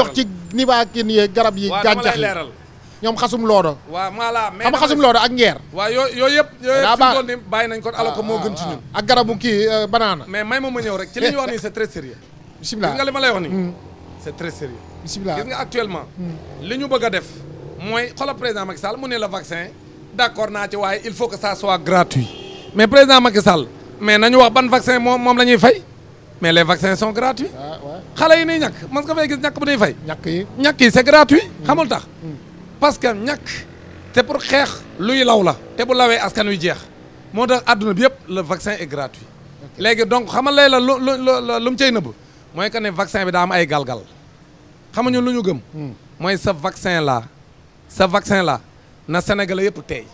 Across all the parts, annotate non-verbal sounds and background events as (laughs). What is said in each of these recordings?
jox ci nivaquine yeeg garab yi gàncax yi ñoom xasum loodo waaw maa laa xam nga xasum loodo ak ngeer waaw yoo yooyu yëpp yooyu yëpp fi ni bàyyi nañ ko ala moo gën ci ñun ah, ak garabu kii euh, banaana mais may ma ma ñëw rek ci li ñu wax nii c'est très sérieux gis nga li hmm. actuellement hmm. li ñu bëgg a def mooy xoolal président Macky Sall mu ne la vaccin d'accord naa ci waaye il faut que ça soit gratuit mais président Macky Sall mais nañu wax ban vaccin moom moom la ñuy fay mais les vaccins sont gratuits. Ah, xale yi nii ñàkk mos nga fay gis ñàkk bu day fay. ñàkk yi ñàkk yi c'est gratuit. Mm. xamul tax mm. parce que ñàkk te pour xeex luy law la te bu lawee askan wi jeex moo tax àdduna bi yëpp le vaccin est gratuit. léegi donc xamal lay la lu lu lu mu mooy que ne vaccin bi daa am ay galgal xamuñu lu ñu gëm. Mm. mooy sa vaccin la sa vaccin la na Sénégalais yëpp tey.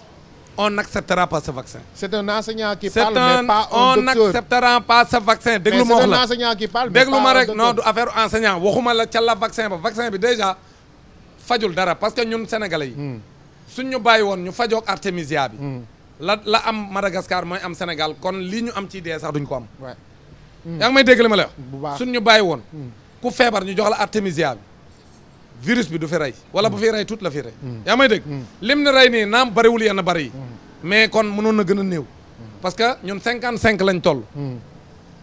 on n'acceptera pas ce vaccin. C'est un enseignant qui parle mais pas un docteur. On n'acceptera pas ce vaccin déglu ma wax la c'est un enseignant qui parle mais pas ma rek non du affaire enseignant waxuma la ca la vaccin ba vaccin bi déjà fajul dara parce que ñun sénégalais yi. Hmm. suñ ñu bàyyi woon ñu fajook artémisia bi. Hmm. la la am Madagascar mooy am Sénégal kon lii ñu am ci dee sax duñ ko am. Hmm. yaa ngi may dégg li ma lay wax. suñ ñu bàyyi woon. ku feebar ñu jox la artémisia bi. bi du rey. wala bu fi rey tuut la fi rey. yaa ngi may dégg. lim ni rey nii naam bariwul yenn bari yi. mais kon mënoon na gën a néew. Hmm. parce que ñun cinquante cinq lañ toll. Hmm.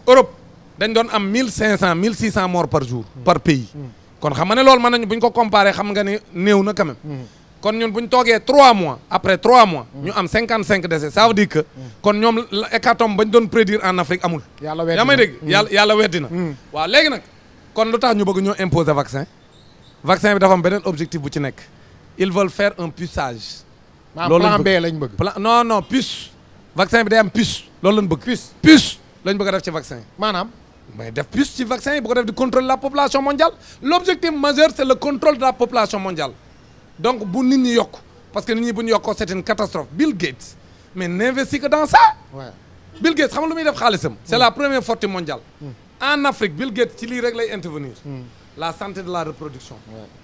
Europe dañ doon am mille cinq cent mille six cent morts par jour. Hmm. par pays. kon xam nga ne loolu mën nañu bu ñu ko comparé xam nga ni néew na quand kon ñun bu ñu toogee trois mois après trois mois. ñu am cinquante cinq décès ça veut dire que. kon ñoom hécatombe bañ doon prédire en Afrique amul. yàlla weddi na yaa may dégg yàlla yàlla weddi na. waaw léegi nag kon lu tax ñu bëgg ñoo imposer vaccin. vaccin bi dafa am beneen objectif bu ci nekk. ils veulent faire un puçage. Ah, loolu plan B lañ bëgg plan non non puce. vaccin bi day am puce. loolu lañ bëgg puce puce lañ bëgg a def ci vaccin maanaam. mais def plus ci vaccin yi bu ko def di contrôler la population mondiale l'objectif majeur c'est le contrôle de la population mondiale donc bu nit ñi yokk parce que nit ñi bu ñu yokkoo c'est une catastrophe Bill Gates mais n'investit que dans ça ouais. Bill Gates xam nga lu muy def xaalisam c'est hmm. la première fortune mondiale hmm. en Afrique Bill Gates ci lii rek lay intervenir hmm. la santé de la reproduction.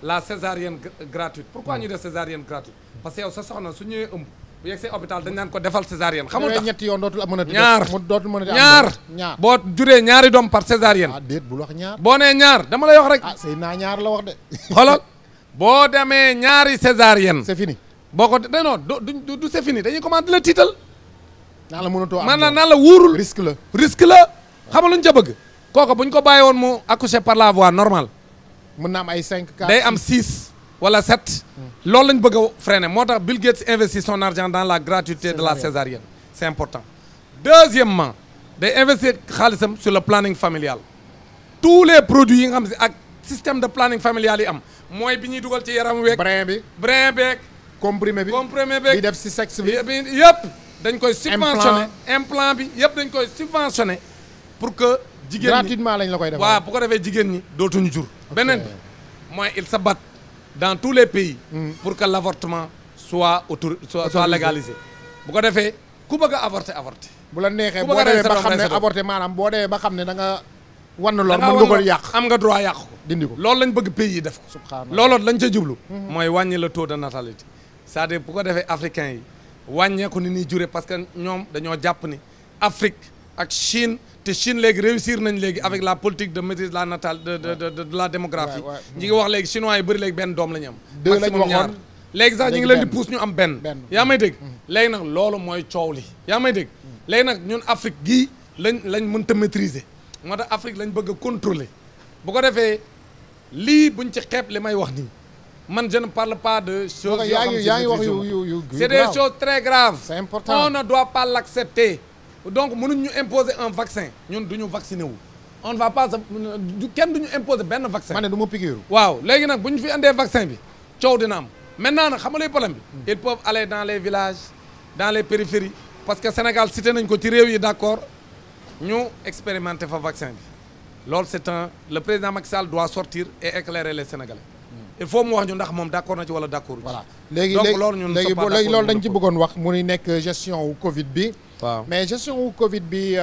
la césarienne gratuite. pourquoi ñu def césarienne gratuite. parce que sa soxna su ñëwee ëmb. bu yegg see hôpital dañ naan ko defal césarienne. xamul tax ñetti yoon dootul mënati. ñaar dootul mënati ñaar ñaar. boo juree ñaari doom par césarienne. ah déet bul wax ñaar. boo nee ñaar dama lay wax rek. ah ñaar la wax de. (laughs) xoolal boo demee ñaari césarienne. c'est fini. boo ko de non du du c'est fini dañuy commandé la tiital. naa la mënatoo am man la naan la wóorul. risque la risque la. xam nga lu ñu ca bëgg. kooku bu ñu ko bàyyi woon mu accoucher par la voie normal mën naa am ay cinq cas am six wala sept loolu lañ bëgg a freiner moo tax Bill Gates investit son argent dans la gratuité de la césarienne c'est important deusièmement day investir xaalisam sur le planning familial tous les produits yi nga xam si ak système de planning familial yi am mooy bi ñuy dugal ci yaram week brin bi brin beeg comprimé bi comprimé beeg bi def si sexe bi yëpp dañ koy subventionné implant bi yëpp dañ koy subventionné pour que jigéen ñi gratuitement lañ la koy def waaw bu ko defee jigéen ñi dootuñu jur beneen bi mooy il se dans tous les pays. Mm. pour que l' avortement soit autour soit soit légalisé. bu ko defee ku bëgg a avorter bu la neexee boo demee ba xam ne avorter maanaam boo demee ba xam ne da nga. wan lor mën nga yàq am nga droit yàqu ko. dindi ko loolu lañ bëgg pays yi def ko. subxanahu looloot lañ ca jublu. Mm-hmm. mooy wàññi la taux de natalité. c'est-à-dire bu ko defee africain yi wàññeeku ni ñuy jure parce que ñoom dañoo jàpp ni Afrique. ak Chine te Chine léegi réussir nañ léegi avec la politique de maîtrise la natale de de de de la démographie. ñi ngi wax léegi chinois yi bëri léegi benn doom la ñu am. maximum ñaar léegi sax ñi ngi leen di pousse ñu am benn. yaa may dégg mm-hmm. léegi loolu mooy coow li yaa may dégg. léegi ñun Afrique gii lañ lañ mënta maîtriser moo tax Afrique lañ bëgg a contrôler bu ko defee lii buñ ci xeeb li may wax nii. man je ne parle pas de choses yoo xam ne c'est des choses très donc mënuñ ñu imposer un vaccin ñun du ñu vacciné wu on va pas kenn du ñu imposer benn vaccin. ma ne du ma piqûre. waaw léegi nag bu ñu fi andee vaccin bi coow dina am maintenant nag xam nga luy problème bi. ils peuvent aller dans les villages dans les périphéries parce que Sénégal cité nañ ko ci réew yi d'accord ñu expérimenter fa vaccin bi. loolu c'est un le président Macky Sall doit sortir et éclairer les Sénégalais. il faut mu wax ñu ndax moom d'accord na ci wala d'accord. voilà dañ ci bëggoon wax mu nekk gestion wu bi. waaw mais gestion wu Covid bi. Euh,